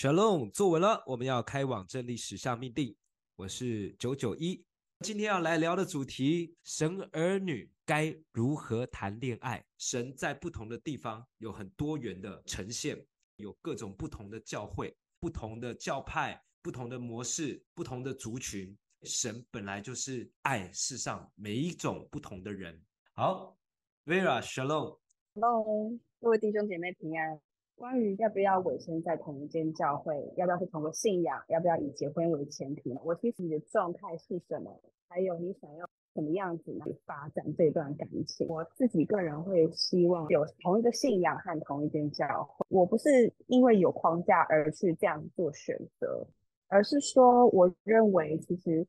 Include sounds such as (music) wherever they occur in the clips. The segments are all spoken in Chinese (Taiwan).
Shalom 坐穩了，我們要開往真理，駛向命定。我是九九一，今天要來聊的主題：神兒女該如何談戀愛？神在不同的地方有很多元的呈現，有各種不同的教會、不同的教派、不同的模式、不同的族群。神本來就是愛世上每一種不同的人。好，Vera，沙龍，hello 各位弟兄姐妹平安。關於要不要委身在同一間教會，要不要是同個信仰，要不要以結婚為前提呢？我其實你的狀態是什麼？還有你想要什麼樣子來發展這段感情？我自己個人會希望有同一個信仰和同一間教會。我不是因為有框架而去這樣做選擇，而是說我認為其實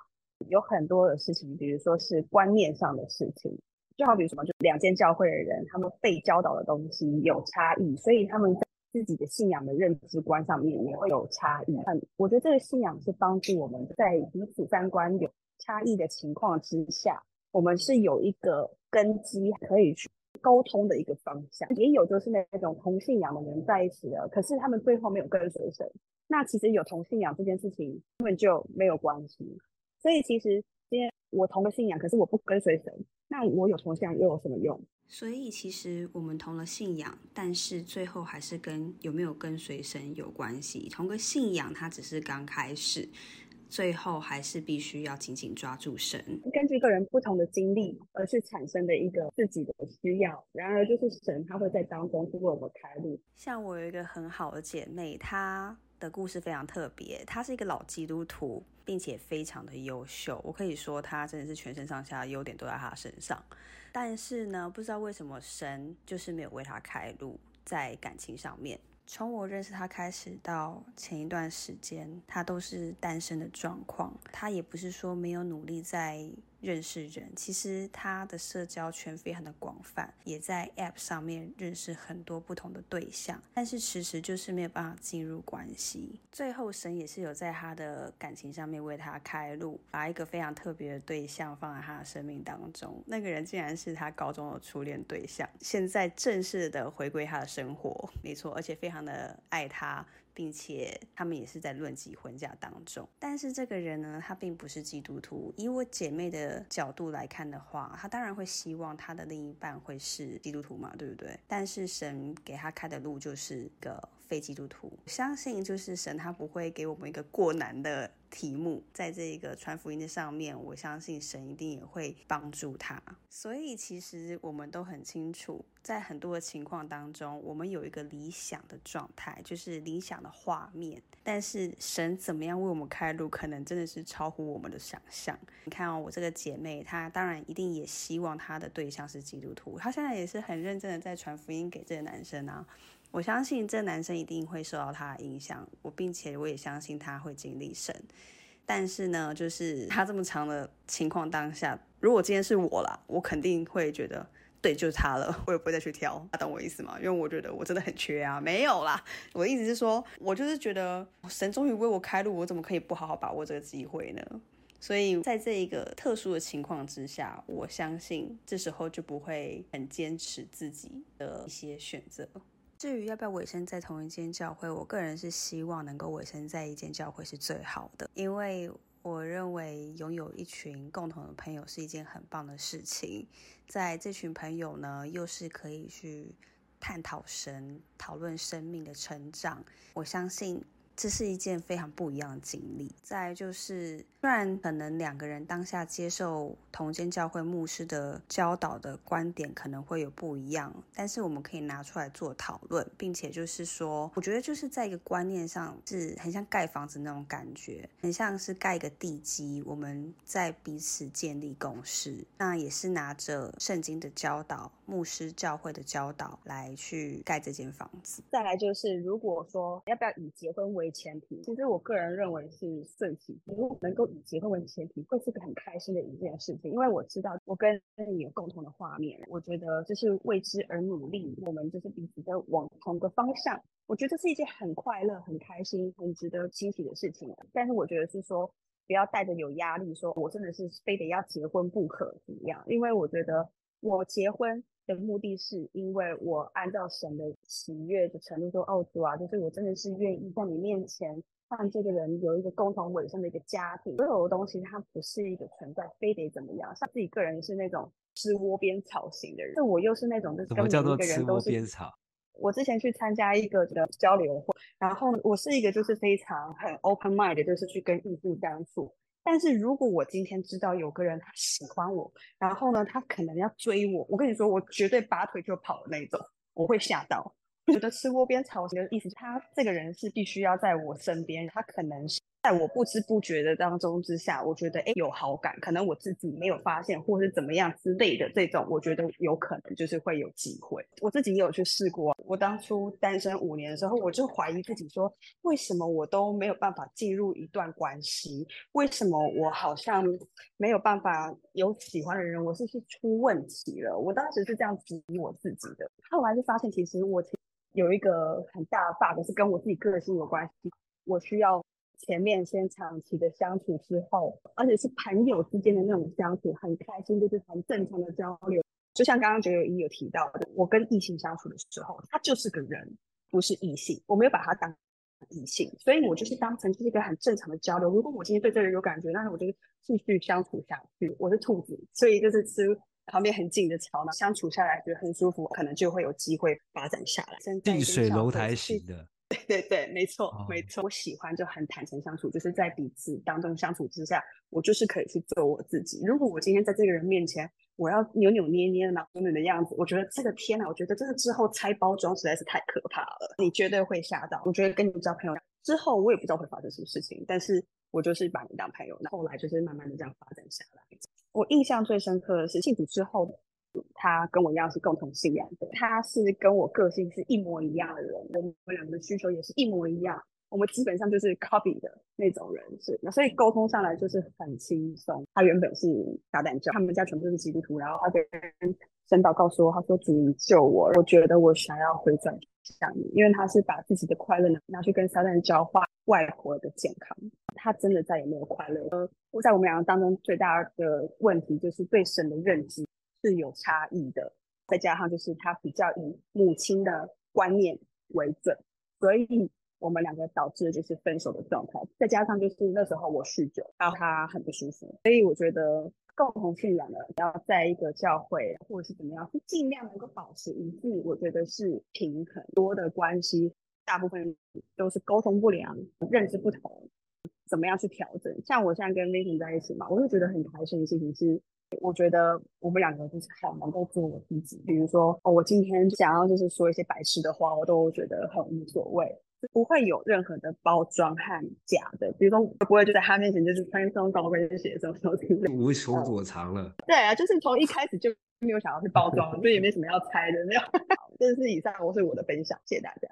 有很多的事情，比如說是觀念上的事情，就好比什麼，就兩間教會的人，他們被教導的東西有差異，所以他們。自己的信仰的認知觀上面也會有差異。嗯，我覺得這個信仰是幫助我們在彼此三觀有差異的情況之下，我們是有一個根基可以去溝通的一個方向。也有就是那種同信仰的人在一起的，可是他們最後沒有跟隨神。那其實有同信仰這件事情根本就沒有關係。所以其實今天我同個信仰，可是我不跟隨神。那我有同像又有什麼用？所以其實我們同了信仰，但是最後還是跟有沒有跟隨神有關係。同個信仰，它只是剛開始，最後還是必須要緊緊抓住神。根據個人不同的經歷，而是產生的一個自己的需要。然而就是神，他會在當中去為我們開路。像我有一個很好的姐妹，她。的故事非常特別，他是一個老基督徒，並且非常的優秀。我可以說他真的是全身上下優點都在他身上，但是呢，不知道為什麼神就是沒有為他開路在感情上面。從我認識他開始到前一段時間，他都是單身的狀況。他也不是說沒有努力在。認識人，其實他的社交圈非常的廣泛，也在 App 上面認識很多不同的對象，但是遲遲就是沒有辦法進入關係。最後，神也是有在他的感情上面為他開路，把一個非常特別的對象放在他的生命當中。那個人竟然是他高中的初戀對象，現在正式的回歸他的生活，沒錯，而且非常的愛他。並且他們也是在論及婚嫁當中，但是這個人呢，他並不是基督徒。以我姐妹的角度來看的話，他當然會希望他的另一半會是基督徒嘛，對不對？但是神給他開的路就是個。非基督徒，我相信就是神，他不會給我們一個過難的題目，在這個傳福音的上面，我相信神一定也會幫助他。所以其實我們都很清楚，在很多的情況當中，我們有一個理想的狀態，就是理想的畫面。但是神怎麼樣為我們開路，可能真的是超乎我們的想象。你看哦，我這個姐妹，她當然一定也希望她的對象是基督徒，她現在也是很認真的在傳福音給這個男生啊。我相信這男生一定會受到他的影響，我並且我也相信他會經歷神。但是呢，就是他這麼長的情況當下，如果今天是我啦，我肯定會覺得對，就是他了，我也不會再去挑他，懂我意思嗎？因為我覺得我真的很缺啊，沒有啦。我的意思是說，我就是覺得神終於為我開路，我怎麼可以不好好把握這個機會呢？所以，在這一個特殊的情況之下，我相信這時候就不會很堅持自己的一些選擇。至於要不要委身在同一間教會，我個人是希望能夠委身在一間教會是最好的，因為我認為擁有一群共同的朋友是一件很棒的事情，在這群朋友呢，又是可以去探討神、討論生命的成長。我相信。這是一件非常不一樣的經歷。再來就是，雖然可能兩個人當下接受同間教會牧師的教導的觀點可能會有不一樣，但是我們可以拿出來做討論，並且就是說，我覺得就是在一個觀念上是很像蓋房子那種感覺，很像是蓋一個地基。我們在彼此建立共識，那也是拿着聖經的教導、牧師教會的教導來去蓋這間房子。再來就是，如果說要不要以結婚為前提，其實我個人認為是順其。如果能夠以結婚為前提，會是個很開心的一件事情。因為我知道我跟你有共同的畫面，我覺得這是為之而努力，我們就是彼此都往同個方向。我覺得這是一件很快樂、很開心、很值得欣喜的事情啊。但是我覺得是說，不要帶着有壓力，說我真的是非得要結婚不可一樣。因為我覺得我結婚。的目的是，因為我按照神的喜悅的程度做哦，主啊，就是我真的是願意在你面前讓這個人有一個共同委身的一個家庭。所有的東西，它不是一個存在，非得怎麼樣。像自己個人是那種吃窩邊草型的人，但我又是那種就是根本每個人都是吃窩邊草。我之前去參加一個交流會，然後我是一個就是非常很 open mind 的，就是去跟異性相處。但是如果我今天知道有個人他喜歡我，然後呢，他可能要追我，我跟你說，我絕對拔腿就跑的那種，我會嚇到。覺得吃窩邊草的意思，他這個人是必須要在我身邊，他可能是在我不知不覺的當中之下，我覺得誒有好感，可能我自己沒有發現，或是怎麼樣之類的，這種我覺得有可能就是會有機會。我自己也有去試過，我當初單身五年的時候，我就懷疑自己說，為什麼我都沒有辦法進入一段關係？為什麼我好像沒有辦法有喜歡的人？我是不是出問題了？我當時是這樣質疑我自己的，後來就發現其實我有一個很大的 bug 是跟我自己個性有關係，我需要前面先長期的相處之後，而且是朋友之間的那種相處，很開心，就是很正常的交流。就像剛剛九九一有提到的，我跟異性相處的時候，他就是個人，不是異性，我沒有把他當異性，所以我就是當成就是一個很正常的交流。如果我今天對這個人有感覺，那我就繼續相處下去。我是兔子，所以就是吃。旁邊很近的橋呢，相處下來覺得很舒服，可能就會有機會發展下來。近水樓台型的，對對對，沒錯、Oh. 沒錯。我喜歡就很坦誠相處，就是在彼此當中相處之下，我就是可以去做我自己。如果我今天在這個人面前，我要扭扭捏捏，捏呢，扭扭的樣子，我覺得這個天啊，我覺得真的之後拆包裝實在是太可怕了，你絕對會嚇到。我覺得跟你交朋友之後，我也不知道會發生什麼事情，但是。我就是把你當朋友，那後來就是慢慢的這樣發展下來。我印象最深刻的是信主之後，他跟我一樣是共同信仰的，他是跟我個性是一模一樣的人，我們兩個的需求也是一模一樣，我們基本上就是 copy 的那種人，是那所以溝通上來就是很輕鬆。他原本是撒旦教，他們家全部都是基督徒，然後他跟神禱告訴我，他說主你救我，我覺得我想要回轉向你，因為他是把自己的快樂拿去跟撒旦交換。外婆的健康，他真的再也沒有快樂。呃，我在我們兩個當中最大的問題就是對神的認知是有差異的，再加上就是他比較以母親的觀念為準，所以我們兩個導致就是分手的狀態。再加上就是那時候我酗酒，讓他很不舒服。所以我覺得共同信仰的要在一個教會或者是怎麼樣，盡量能夠保持一致，我覺得是平衡多的關係。大部分都是溝通不良，認知不同，怎麼樣去調整？像我現在跟 Linton 在一起嘛，我就覺得很開心的事情是，我覺得我們兩個就是好能夠做我自己。比如說，哦，我今天想要就是說一些白痴的話，我都覺得很無所謂，就不會有任何的包裝和假的。比如說，我不會就在他面前就是穿一雙高跟鞋，什麼事情，無處躲藏了。對啊，就是從一開始就沒有想要去包裝，所 (laughs) 以也沒什麼要猜的那樣。這是以上我是我的分享，謝謝大家。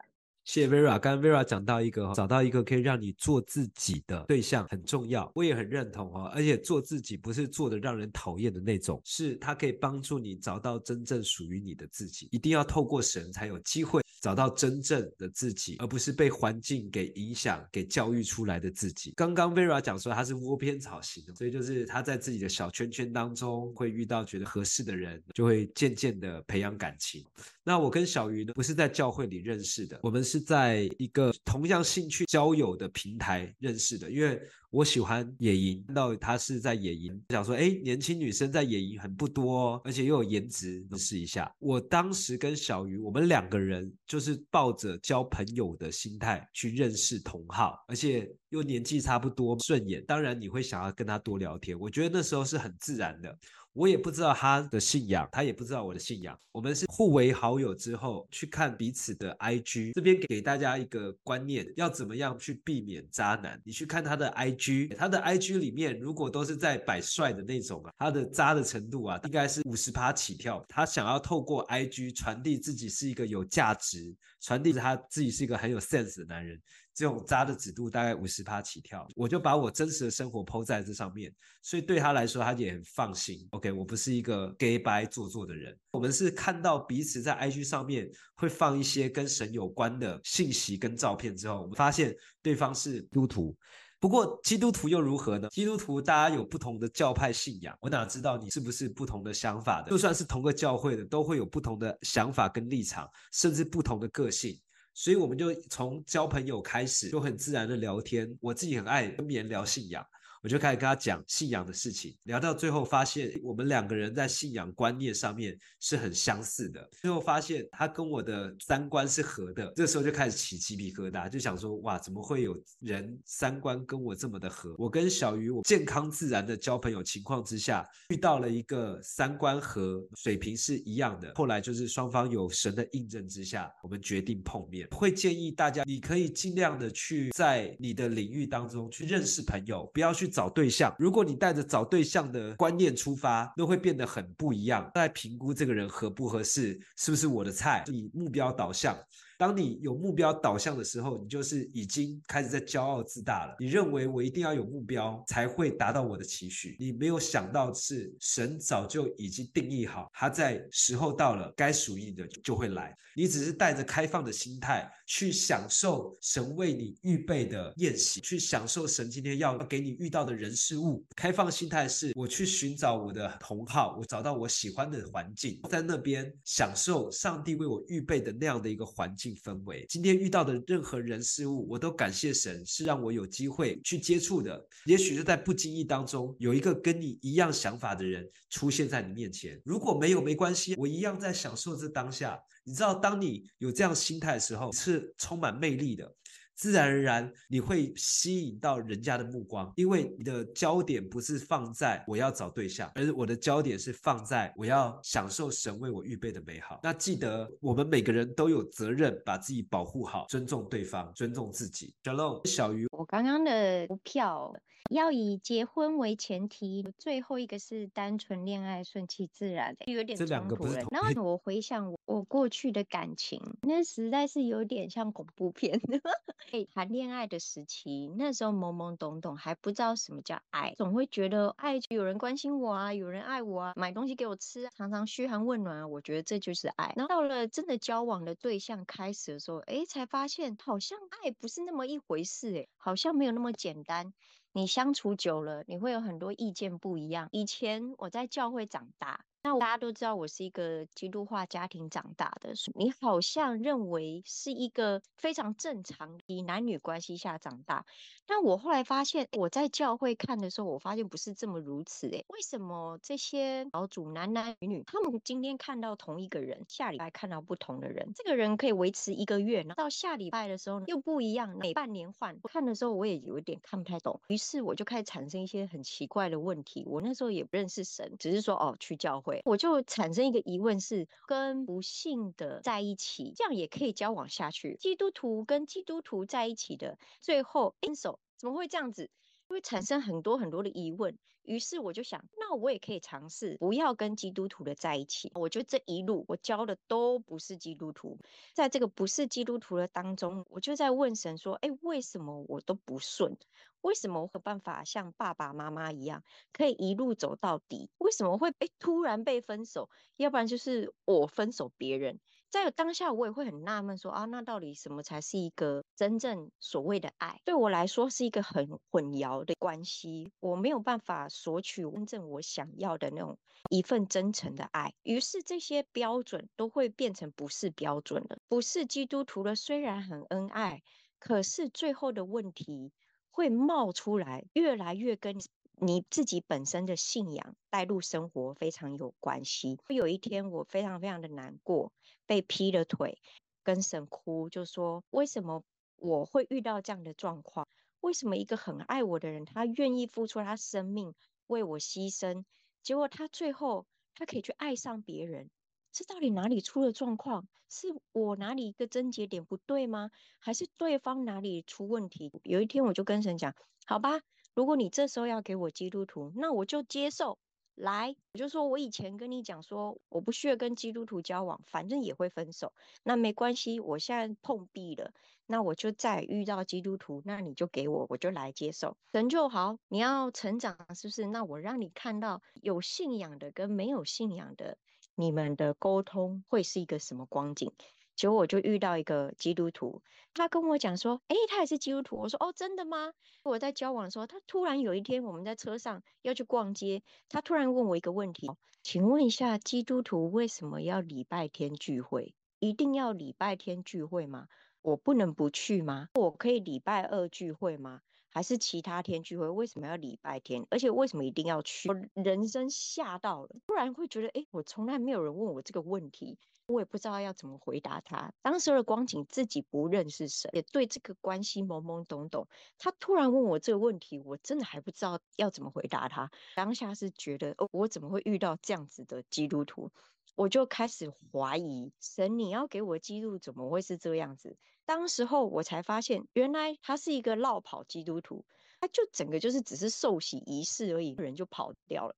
謝謝 Vera，剛剛 Vera 講到一個哦，找到一個可以讓你做自己的對象很重要，我也很認同哦，而且做自己不是做的讓人討厭的那種，是他可以幫助你找到真正屬於你的自己。一定要透過神才有機會找到真正的自己，而不是被環境給影響、給教育出來的自己。剛剛 Vera 講說他是窩邊草型，所以就是他在自己的小圈圈當中會遇到覺得合適的人，就會漸漸的培養感情。那我跟小魚呢，不是在教會裡認識的，我們是。是在一個同樣興趣交友的平台認識的，因為我喜歡野營，看到她是在野營，想說，哎，年輕女生在野營很不多，而且又有顏值，認識一下。我當時跟小魚，我們兩個人就是抱着交朋友的心態去認識同好，而且又年紀差不多，順眼。當然，你會想要跟她多聊天，我覺得那時候是很自然的。我也不知道他的信仰，他也不知道我的信仰。我們是互為好友之後，去看彼此的 IG。這邊給大家一個觀念，要怎麼樣去避免渣男？你去看他的 IG，他的 IG 裡面如果都是在擺帥的那種啊，他的渣的程度啊，應該是五十趴起跳。他想要透過 IG 傳遞自己是一個有價值，傳遞他自己是一個很有 sense 的男人。這種渣的指數大概五十趴起跳，我就把我真實的生活剖在這上面，所以對他來說，他也很放心。OK，我不是一個假掰做作的人。我們是看到彼此在 IG 上面會放一些跟神有關的信息跟照片之後，我們發現對方是基督徒。不過基督徒又如何呢？基督徒大家有不同的教派信仰，我哪知道你是不是不同的想法的？就算是同個教會的，都會有不同的想法跟立場，甚至不同的個性。所以我們就從交朋友開始，就很自然的聊天，我自己很愛跟別人聊信仰。我就開始跟他講信仰的事情，聊到最後發現我們兩個人在信仰觀念上面是很相似的。最後發現他跟我的三觀是合的，這時候就開始起雞皮疙瘩，就想說哇，怎麼會有人三觀跟我這麼的合？我跟小魚，我健康自然的交朋友情況之下，遇到了一個三觀合，水平是一樣的。後來就是雙方有神的印證之下，我們決定碰面。會建議大家，你可以盡量的去在你的領域當中去認識朋友，不要去。找對象，如果你帶着找對象的觀念出發，都會變得很不一樣。在評估這個人合不合適，是不是我的菜，以目標導向。當你有目標導向的時候，你就是已經開始在驕傲自大了。你認為我一定要有目標才會達到我的期許，你沒有想到是神早就已經定義好，他在時候到了該屬於你的就會來。你只是帶着開放的心態去享受神為你預備的宴席，去享受神今天要給你遇到的人事物。開放心態是，我去尋找我的同好，我找到我喜歡的環境，在那邊享受上帝為我預備的那樣的一個環境。氛圍。今天遇到的任何人事物，我都感謝神，是讓我有機會去接觸的。也許是在不經意當中，有一個跟你一樣想法的人出現在你面前。如果沒有，沒關係，我一樣在享受這當下。你知道，當你有這樣心態的時候，是充滿魅力的。自然而然，你會吸引到人家的目光，因為你的焦點不是放在我要找對象，而是我的焦點是放在我要享受神為我預備的美好。那記得我們每個人都有責任把自己保護好，尊重對方，尊重自己。小龍、小魚，我剛剛的票要以結婚為前提，最後一個是單純戀愛，順其自然。有點這兩個不同。然後我回想我我過去的感情，那實在是有點像恐怖片的。 (laughs) 哎、欸，談戀愛的時期，那時候懵懵懂懂，還不知道什麼叫愛，總會覺得，愛有人關心我啊，有人愛我啊，買東西給我吃，常常噓寒問暖啊，我覺得這就是愛。然後到了真的交往的對象開始的時候，哎、欸，才發現好像愛不是那麼一回事，欸，哎，好像沒有那麼簡單。你相處久了，你會有很多意見不一樣。以前我在教會長大。那大家都知道，我是一個基督化家庭長大的。你好像認為是一個非常正常的男女關係下長大。但我後來發現、欸，我在教會看的時候，我發現不是這麼如此、欸。誒，為什麼這些小組男男女女，他們今天看到同一個人，下禮拜看到不同的人，這個人可以維持一個月，然後到下禮拜的時候又不一樣，每半年換。看的時候我也有點看不太懂，於是我就開始產生一些很奇怪的問題。我那時候也不認識神，只是說，哦，去教會。我就產生一個疑問是：是跟不信的在一起，這樣也可以交往下去？基督徒跟基督徒在一起的，最後分、欸、分手，怎麼會這樣子？會產生很多很多的疑問，於是我就想，那我也可以嘗試不要跟基督徒的在一起。我覺得這一路我教的都不是基督徒，在這個不是基督徒的當中，我就在問神說：哎，為什麼我都不順？為什麼我有辦法像爸爸媽媽一樣可以一路走到底？為什麼會被突然被分手？要不然就是我分手別人。在當下，我也會很納悶，說啊，那到底什麼才是一個真正所謂的愛？對我來說，是一個很混淆的關係，我沒有辦法索取真正我想要的那種一份真誠的愛。於是，這些標準都會變成不是標準了，不是基督徒了。雖然很恩愛，可是最後的問題會冒出來，越來越跟你。你自己本身的信仰帶入生活非常有關係。會有一天我非常非常的難過，被劈了腿，跟神哭，就說為什麼我會遇到這樣的狀況？為什麼一個很愛我的人，他願意付出他生命為我犧牲，結果他最後他可以去愛上別人，這到底哪裡出了狀況？是我哪裡一個症結點不對嗎？還是對方哪裡出問題？有一天我就跟神講，好吧。如果你這時候要給我基督徒，那我就接受。來，我就說我以前跟你講說，我不需要跟基督徒交往，反正也會分手。那沒關係，我現在碰壁了，那我就再遇到基督徒，那你就給我，我就來接受，神就好。你要成長，是不是？那我讓你看到有信仰的跟沒有信仰的，你們的溝通會是一個什麼光景？結果我就遇到一個基督徒，他跟我講說：“哎、欸，他也是基督徒。”我說：“哦，真的嗎？”我在交往的時候，他突然有一天我們在車上要去逛街，他突然問我一個問題：“請問一下，基督徒為什麼要禮拜天聚會？一定要禮拜天聚會嗎？我不能不去嗎？我可以禮拜二聚會嗎？”還是其他天聚會，為什麼要禮拜天？而且為什麼一定要去？我人生嚇到了，突然會覺得，哎，我從來沒有人問我這個問題，我也不知道要怎麼回答他。當時的光景，自己不認識神，也對這個關係懵懵懂懂。他突然問我這個問題，我真的還不知道要怎麼回答他。當下是覺得，哦，我怎麼會遇到這樣子的基督徒？我就開始懷疑神，你要給我的基督怎麼會是這樣子？當時候我才發現，原來他是一個落跑基督徒，他就整個就是只是受洗儀式而已，人就跑掉了。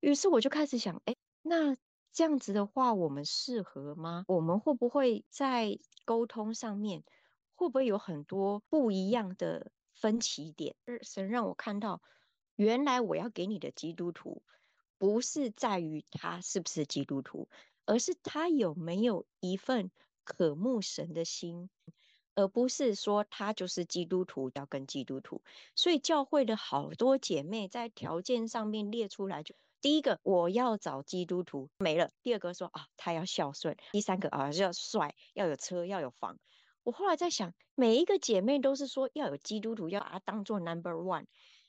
於是我就開始想，哎、欸，那這樣子的話，我們適合嗎？我們會不會在溝通上面，會不會有很多不一樣的分歧點？神讓我看到，原來我要給你的基督徒。不是在於他是不是基督徒，而是他有沒有一份渴慕神的心，而不是說他就是基督徒要跟基督徒。所以教會的好多姐妹在條件上面列出來就，就第一個我要找基督徒沒了，第二個說啊他要孝順，第三個啊要帥，要有車，要有房。我後來在想，每一個姐妹都是說要有基督徒，要把它當做 number one，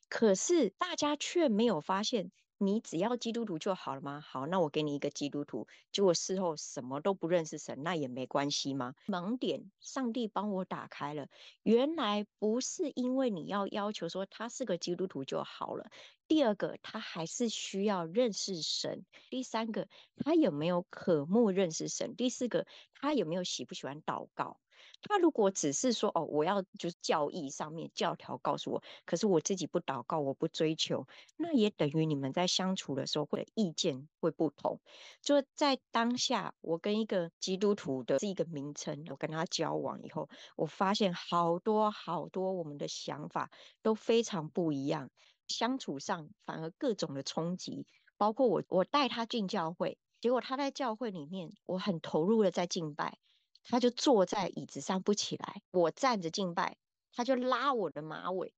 可是大家卻沒有發現。你只要基督徒就好了嗎？好，那我給你一個基督徒，結果事後什麼都不認識神，那也沒關係嗎？盲點，上帝幫我打開了，原來不是因為你要要求說他是個基督徒就好了。第二個，他還是需要認識神。第三個，他有沒有渴慕認識神？第四個，他有沒有喜不喜歡禱告？他如果只是說哦，我要就是教義上面教條告訴我，可是我自己不禱告，我不追求，那也等於你們在相處的時候會意見會不同。就在當下，我跟一個基督徒的這一個名稱，我跟他交往以後，我發現好多好多我們的想法都非常不一樣，相處上反而各種的衝擊。包括我我帶他進教會，結果他在教會裡面，我很投入的在敬拜。他就坐在椅子上不起來，我站着敬拜，他就拉我的馬尾，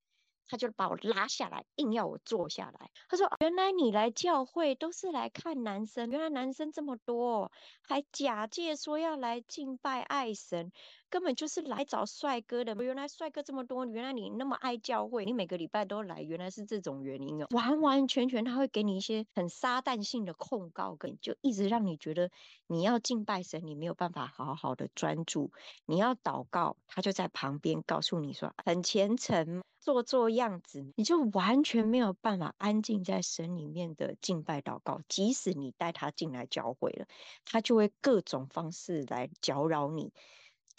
他就把我拉下來，硬要我坐下來。他說：“原來你來教會都是來看男生，原來男生這麼多，還假借說要來敬拜愛神。”根本就是來找帥哥的。原來帥哥這麼多，原來你那麼愛教會，你每個禮拜都來，原來是這種原因。完完全全，他會給你一些很撒旦性的控告，跟就一直讓你覺得你要敬拜神，你沒有辦法好好的專注。你要禱告，他就在旁邊告訴你說，很虔誠做做樣子，你就完全沒有辦法安靜在神裡面的敬拜禱告。即使你帶他進來教會了，他就會各種方式來攪擾你。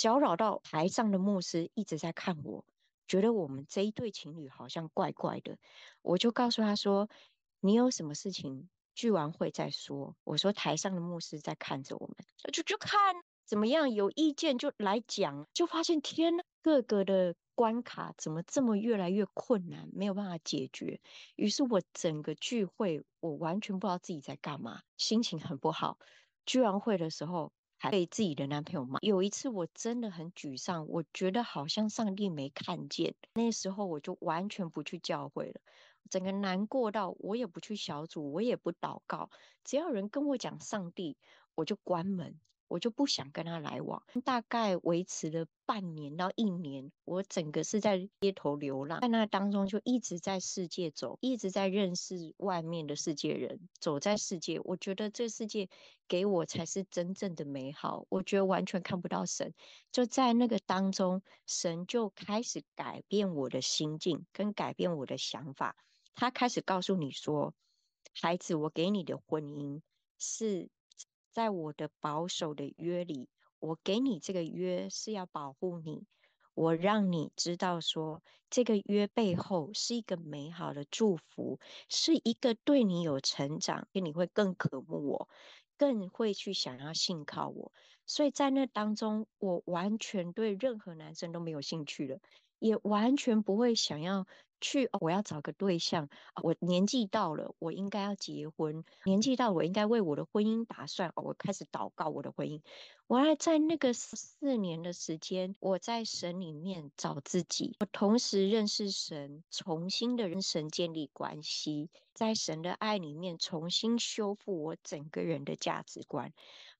攪擾到台上的牧師一直在看我，覺得我們這一對情侶好像怪怪的。我就告訴他說：“你有什麼事情，聚完會再說。”我說：“台上的牧師在看着我們，就就看怎麼樣，有意見就來講。”就發現天吶，各個的關卡怎麼這麼越來越困難，沒有辦法解決。於是我整個聚會，我完全不知道自己在幹嘛，心情很不好。聚完會的時候，還被自己的男朋友罵，有一次我真的很沮喪，我覺得好像上帝沒看見。那時候我就完全不去教會了，整個難過到我也不去小組，我也不禱告，只要有人跟我講上帝，我就關門。我就不想跟他來往，大概維持了半年到一年。我整個是在街頭流浪，在那當中就一直在世界走，一直在認識外面的世界人。走在世界，我覺得這世界給我才是真正的美好。我覺得完全看不到神，就在那個當中，神就開始改變我的心境，跟改變我的想法。他開始告訴你說：“孩子，我給你的婚姻是。”在我的保守的約裡，我給你這個約是要保護你，我讓你知道說這個約背後是一個美好的祝福，是一個對你有成長，因為你會更渴慕我，更會去想要信靠我。所以在那當中，我完全對任何男生都沒有興趣了，也完全不會想要。去、哦，我要找個對象、哦。我年紀到了，我應該要結婚。年紀到了，我應該為我的婚姻打算。哦、我開始禱告我的婚姻。我還在那個四年的時間，我在神裡面找自己，我同時認識神，重新的跟神建立關係，在神的愛裡面重新修復我整個人的價值觀，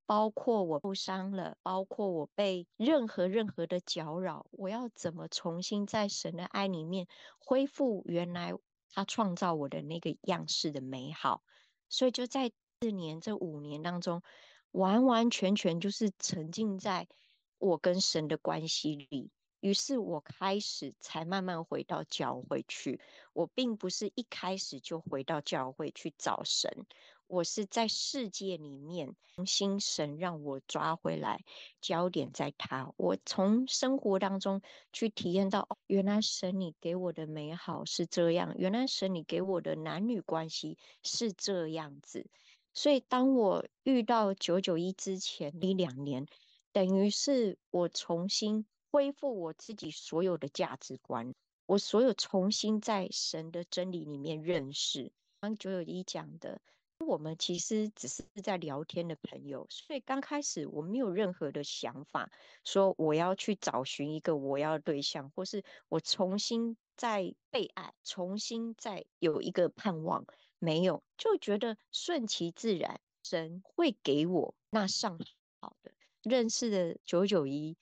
包括我受傷了，包括我被任何任何的攪擾，我要怎麼重新在神的愛裡面恢復。復原來他創造我的那個樣式的美好，所以就在四年這五年當中，完完全全就是沉浸在我跟神的關係裡。於是我開始才慢慢回到教會去。我並不是一開始就回到教會去找神，我是在世界裡面重新神讓我抓回來，焦點在他。我從生活當中去體驗到，哦，原來神你給我的美好是這樣，原來神你給我的男女關係是這樣子。所以當我遇到九九一之前那兩年，等於是我重新。恢復我自己所有的價值觀，我所有重新在神的真理裡面認識。剛剛九九一講的，我們其實只是在聊天的朋友，所以剛開始我沒有任何的想法，說我要去找尋一個我要的對象，或是我重新再被愛，重新再有一個盼望，沒有，就覺得順其自然，神會給我那上好的認識的九九一。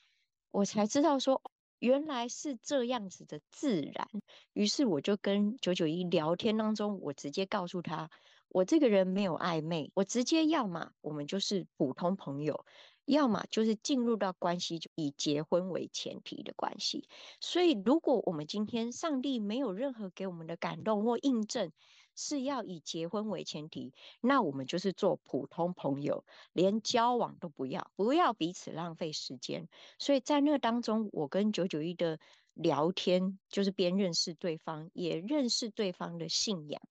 我才知道說原來是這樣子的自然，於是我就跟九九一聊天當中，我直接告訴他，我這個人沒有曖昧，我直接要嘛我們就是普通朋友，要嘛就是進入到關係，就以結婚為前提的關係。所以如果我們今天上帝沒有任何給我們的感動或印證，是要以結婚為前提，那我們就是做普通朋友，連交往都不要，不要彼此浪費時間。所以在那當中，我跟九九一的聊天，就是邊認識對方，也認識對方的信仰。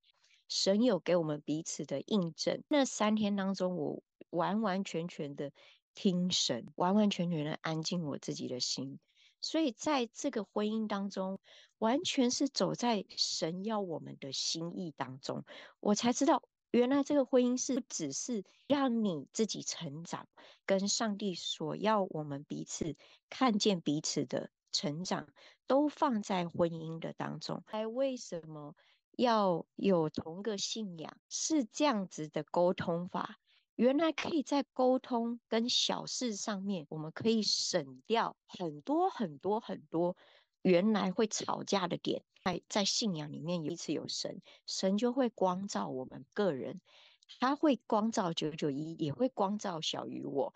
神有給我們彼此的印證。那三天當中，我完完全全的聽神，完完全全的安靜我自己的心。所以在這個婚姻當中，完全是走在神要我們的心意當中，我才知道原來這個婚姻是不只是讓你自己成長，跟上帝所要我們彼此看見彼此的成長，都放在婚姻的當中。還為什麼要有同個信仰？是這樣子的溝通法。原來可以在溝通跟小事上面，我們可以省掉很多很多很多原來會吵架的點。在在信仰裡面，有一次有神，神就會光照我們個人，他會光照九九一，也會光照小於我。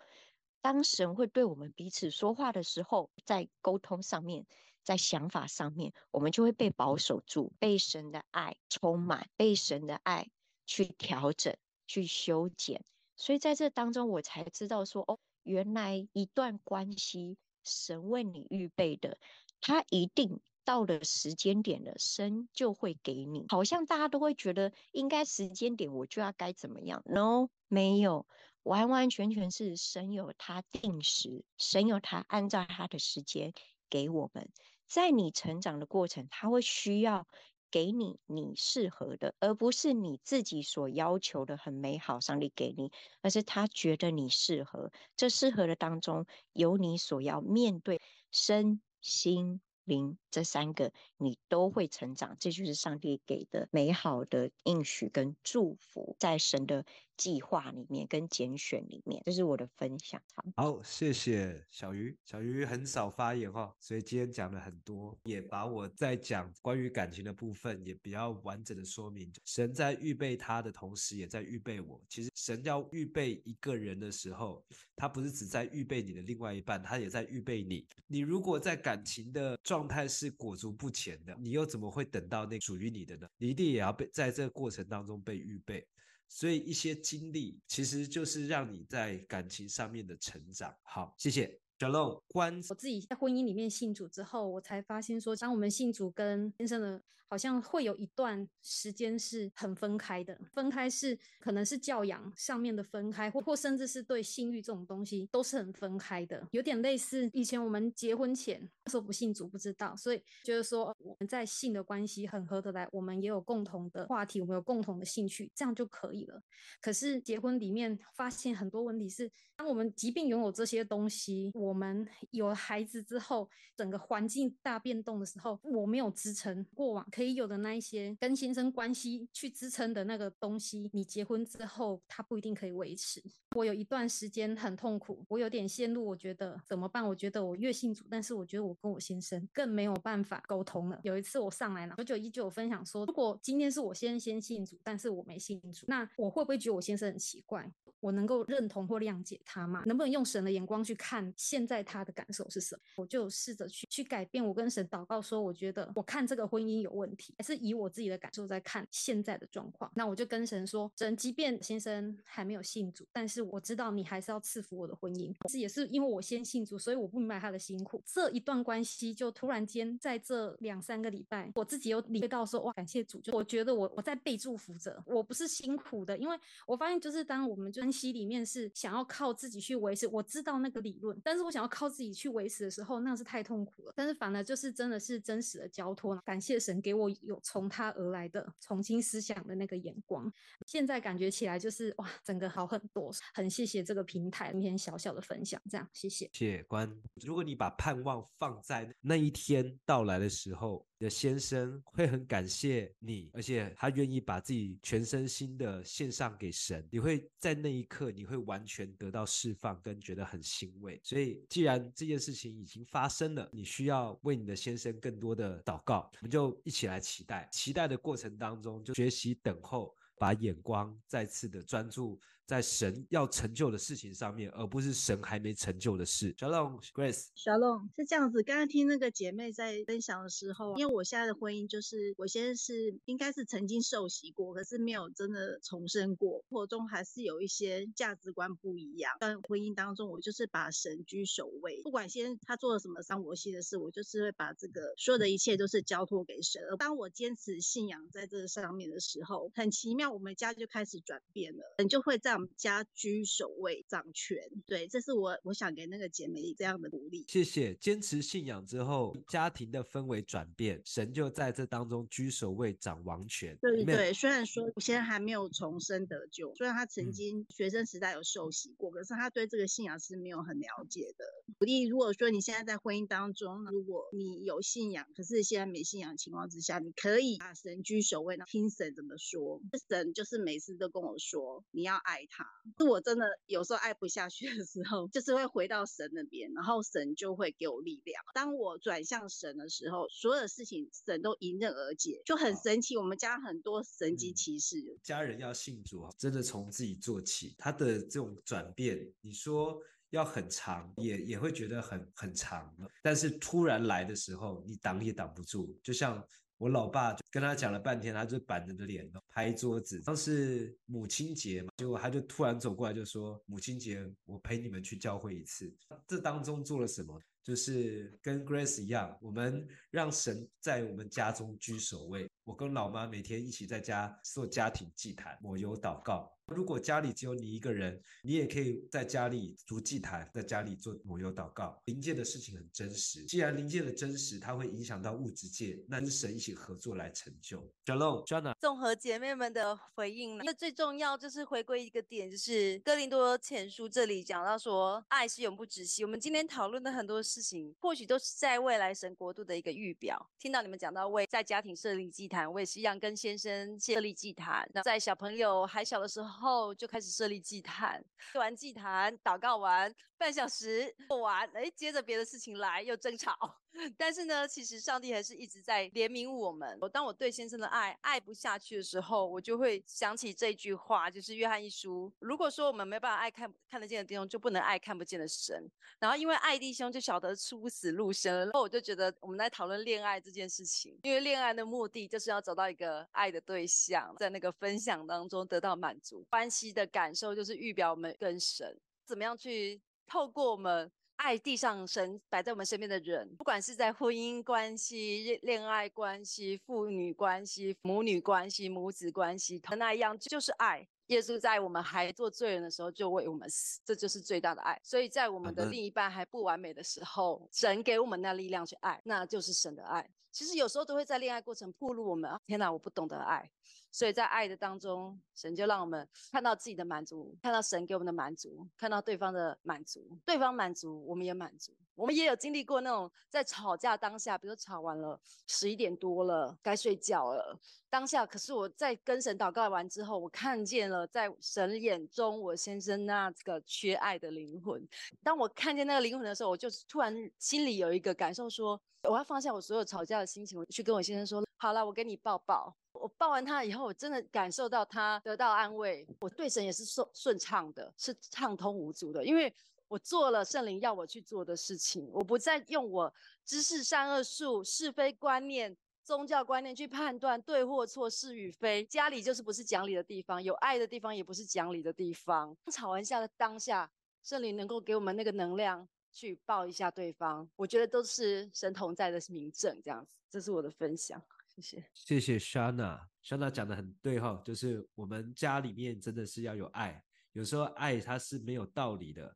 當神會對我們彼此說話的時候，在溝通上面，在想法上面，我們就會被保守住，被神的愛充滿，被神的愛去調整、去修剪。所以在這當中，我才知道說，哦，原來一段關係，神為你預備的，他一定到了時間點了，神就會給你。好像大家都會覺得，應該時間點我就要該怎麼樣？No，沒有，完完全全是神有他定時，神有他按照他的時間給我們。在你成長的過程，他會需要。給你你適合的，而不是你自己所要求的很美好。上帝給你，而是他覺得你適合。這適合的當中，有你所要面對身心靈這三個，你都會成長。這就是上帝給的美好的應許跟祝福，在神的。計劃裡面跟揀選裡面，這是我的分享好。好，謝謝小魚。小魚很少發言哦，所以今天講了很多，也把我在講關於感情的部分也比較完整的說明。神在預備他的同時，也在預備我。其實神要預備一個人的時候，他不是只在預備你的另外一半，他也在預備你。你如果在感情的狀態是裹足不前的，你又怎麼會等到那屬於你的呢？你一定也要被在這個過程當中被預備。所以一些經歷其實就是讓你在感情上面的成長。好，謝謝小洛關。我自己在婚姻裡面信主之後，我才發現說，當我們信主跟先生的好像會有一段時間是很分開的。分開是可能是教養上面的分開，或或甚至是對性欲這種東西都是很分開的。有點類似以前我們結婚前說不信主不知道，所以就是說。我們在性的關係很合得來，我們也有共同的話題，我們有共同的興趣，這樣就可以了。可是結婚裡面發現很多問題是，是當我們即便擁有這些東西，我們有了孩子之後，整個環境大變動的時候，我沒有支撐過往可以有的那一些跟先生關係去支撐的那個東西，你結婚之後他不一定可以維持。我有一段時間很痛苦，我有點陷入，我覺得怎麼辦？我覺得我越信主，但是我覺得我跟我先生更沒有辦法溝通。有一次我上來了，九九一九分享說，如果今天是我先先信主，但是我沒信主，那我會不會覺得我先生很奇怪？我能夠認同或諒解他嗎？能不能用神的眼光去看現在他的感受是什麼？我就試着去去改變，我跟神禱告說，我覺得我看這個婚姻有問題，還是以我自己的感受在看現在的狀況。那我就跟神說，神，即便先生還沒有信主，但是我知道你還是要賜福我的婚姻。這也是因為我先信主，所以我不明白他的辛苦。這一段關係就突然間在這兩。三個禮拜，我自己有領會到說，哇，感謝主就，就我覺得我我在被祝福着。我不是辛苦的，因為我發現就是當我們珍惜裡面是想要靠自己去維持，我知道那個理論，但是我想要靠自己去維持的時候，那是太痛苦了。但是反而就是真的是真實的交托，感謝神給我有從他而來的重新思想的那個眼光。現在感覺起來就是哇，整個好很多，很謝謝這個平台，今天小小的分享，這樣，謝謝。謝關，如果你把盼望放在那一天到來的時候。的先生會很感謝你，而且他願意把自己全身心的獻上給神。你會在那一刻，你會完全得到釋放，跟覺得很欣慰。所以，既然這件事情已經發生了，你需要為你的先生更多的禱告。我們就一起來期待，期待的過程當中，就學習等候，把眼光再次的專注，在神要成就的事情上面，而不是神還沒成就的事。Shalom，Grace，Shalom 是這樣子。剛剛聽那個姐妹在分享的時候，因為我現在的婚姻就是，我先生是應該是曾經受洗過，可是沒有真的重生過。生活中還是有一些價值觀不一樣。但婚姻當中，我就是把神居首位。不管先生他做了什麼傷我心的事，我就是會把這個所有的一切都是交托給神。而當我堅持信仰在這上面的時候，很奇妙，我們家就開始轉變了。人就會在。家居首位掌權。對，這是我我想給那個姐妹這樣的鼓勵。謝謝，堅持信仰之後，家庭的氛圍轉變，神就在這當中居首位掌王權。對對，對，雖然說我現在還沒有重生得救，雖然他曾經學生時代有受洗過，嗯，可是他對這個信仰是沒有很了解的。鼓勵，如果說你現在在婚姻當中，如果你有信仰，可是現在沒信仰情況之下，你可以把神居首位，聽神怎麼說。神就是每次都跟我說，你要愛。他是我真的有時候愛不下去的時候，就是會回到神那邊，然後神就會給我力量。當我轉向神的時候，所有的事情神都迎刃而解，就很神奇。我們家很多神蹟奇事，家人要信主，真的從自己做起。他的這種轉變，你說要很長，也也會覺得很很長。但是突然來的時候，你擋也擋不住，就像。我老爸就跟他講了半天，他就板着的臉，拍桌子。當時母親節嘛，結果他就突然走過來就說：“母親節，我陪你們去教會一次。”這當中做了什麼？就是跟 Grace 一樣，我們。讓神在我們家中居首位。我跟老媽每天一起在家做家庭祭壇，抹油禱告。如果家裡只有你一個人，你也可以在家裡做祭壇，在家裡做抹油禱告。靈界的事情很真實，既然靈界的真實，它會影響到物質界，那是神一起合作來成就。Hello，Jana，綜合姐妹們的回應，那最重要就是回歸一個點，就是哥林多前書這裡講到說，愛是永不止息。我們今天討論的很多事情，或許都是在未來神國度的一個預預表，聽到你們講到為在家庭設立祭壇，我也是一樣跟先生設立祭壇。在小朋友還小的時候就開始設立祭壇，做完祭壇，禱告完半小時做完，哎，接着別的事情來，又爭吵。但是呢，其實上帝還是一直在憐憫我們。我當我對先生的愛愛不下去的時候，我就會想起這句話，就是約翰一書。如果說我們沒辦法愛看看得見的弟兄，就不能愛看不見的神。然後因為愛弟兄就曉得出死入生了。然後我就覺得我們在討論戀愛這件事情，因為戀愛的目的就是要找到一個愛的對象，在那個分享當中得到滿足。關係的感受就是預表我們跟神怎麼樣去透過我們。愛地上神擺在我們身邊的人，不管是在婚姻關係、戀愛關係、父女關係、母女關係、母子關係，那一樣就是愛。耶穌在我們還做罪人的時候就為我們死，這就是最大的愛。所以在我們的另一半還不完美的時候，神給我們那力量去愛，那就是神的愛。其實有時候都會在戀愛過程暴露我們。天哪，我不懂得愛，所以在愛的當中，神就讓我們看到自己的滿足，看到神給我們的滿足，看到對方的滿足，對方滿足，我們也滿足。我們也有經歷過那種在吵架當下，比如說吵完了十一點多了，該睡覺了，當下。可是我在跟神禱告完之後，我看見了在神眼中我先生那個缺愛的靈魂。當我看見那個靈魂的時候，我就突然心裡有一個感受說，說我要放下我所有吵架心情，我去跟我先生說，好了，我給你抱抱。我抱完他以後，我真的感受到他得到安慰，我對神也是順順暢的，是暢通無阻的，因為我做了聖靈要我去做的事情。我不再用我知識善惡樹是非觀念、宗教觀念去判斷對或錯、是與非。家裡就是不是講理的地方，有愛的地方也不是講理的地方。吵完架的當下，聖靈能夠給我們那個能量。去抱一下對方，我覺得都是神同在的名證這樣子，這是我的分享，謝謝。謝謝 Shanna，Shanna 講的很對哈、哦，就是我們家裡面真的是要有愛，有時候愛它是沒有道理的，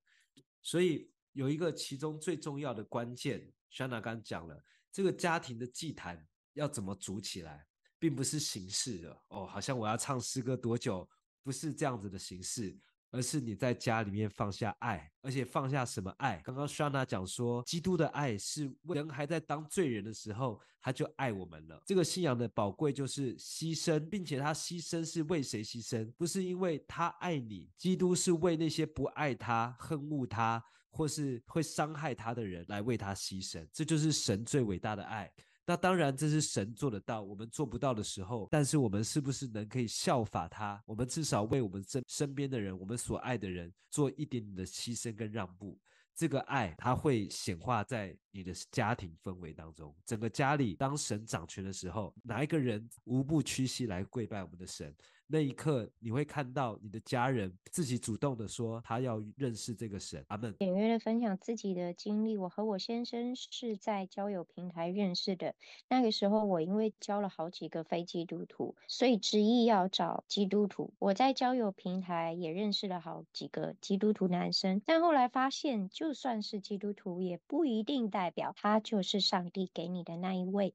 所以有一個其中最重要的關鍵，Shanna 剛剛講了，這個家庭的祭壇要怎麼組起來，並不是形式的哦，好像我要唱詩歌多久，不是這樣子的形式。而是你在家裡面放下愛，而且放下什麼愛？剛剛莎娜講說，基督的愛是為人還在當罪人的時候，他就愛我們了。這個信仰的寶貴就是犧牲，並且他犧牲是為誰犧牲？不是因為他愛你，基督是為那些不愛他、恨惡他或是會傷害他的人來為他犧牲。這就是神最偉大的愛。那當然，這是神做得到，我們做不到的時候。但是我們是不是能可以效法他？我們至少為我們身身邊的人，我們所愛的人，做一點點的犧牲跟讓步。這個愛，它會顯化在你的家庭氛圍當中。整個家裡，當神掌權的時候，哪一個人無不屈膝來跪拜我們的神？那一刻，你會看到你的家人自己主動的說他要認識這個神，阿門。簡約的分享自己的經歷，我和我先生是在交友平台認識的。那個時候，我因為交了好幾個非基督徒，所以執意要找基督徒。我在交友平台也認識了好幾個基督徒男生，但後來發現，就算是基督徒，也不一定代表他就是上帝給你的那一位。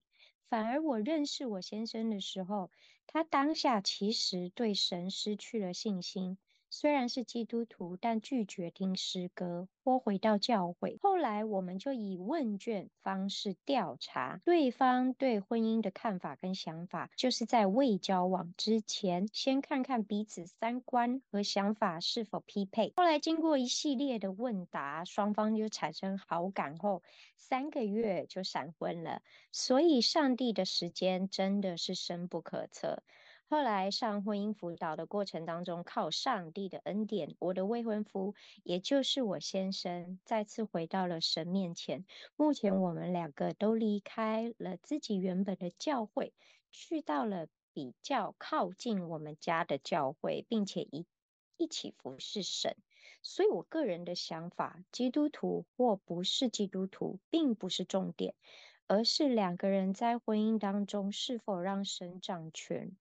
反而，我認識我先生的時候，他當下其實對神失去了信心。雖然是基督徒，但拒絕聽詩歌，或回到教會。後來我們就以問卷方式調查對方對婚姻的看法跟想法，就是在未交往之前，先看看彼此三觀和想法是否匹配。後來經過一系列的問答，雙方就產生好感後，三個月就閃婚了。所以，上帝的時間真的是深不可測。後來上婚姻輔導的過程當中，靠上帝的恩典，我的未婚夫，也就是我先生，再次回到了神面前。目前我們兩個都離開了自己原本的教會，去到了比較靠近我們家的教會，並且一一起服侍神。所以，我個人的想法，基督徒或不是基督徒，並不是重點，而是兩個人在婚姻當中是否讓神掌權。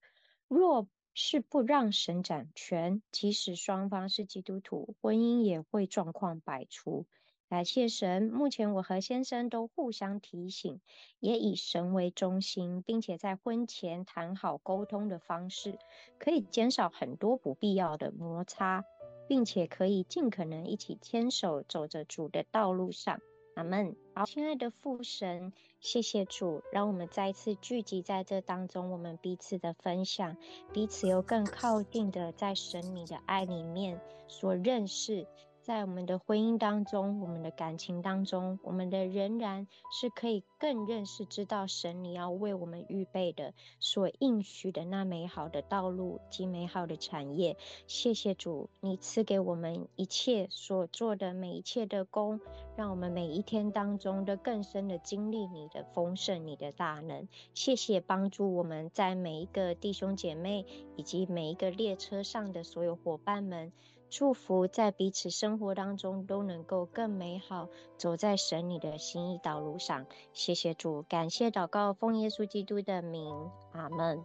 若是不讓神掌權，即使雙方是基督徒，婚姻也會狀況百出。感謝神，目前我和先生都互相提醒，也以神為中心，並且在婚前談好溝通的方式，可以減少很多不必要的摩擦，並且可以盡可能一起牽手走着主的道路上。阿們，好，親愛的父神，謝謝主，讓我們再次聚集在這當中，我們彼此的分享，彼此又更靠近的在神你的愛裡面所認識。在我們的婚姻當中，我們的感情當中，我們的仍然是可以更認識、知道神你要為我們預備的所應許的那美好的道路及美好的產業。謝謝主，你賜給我們一切所做的每一切的功，讓我們每一天當中都更深的經歷你的豐盛、你的大能。謝謝幫助我們在每一個弟兄姐妹以及每一個列車上的所有夥伴們。祝福在彼此生活當中都能夠更美好，走在神祢的心意道路上。謝謝主，感謝禱告，奉耶穌基督的名，阿門。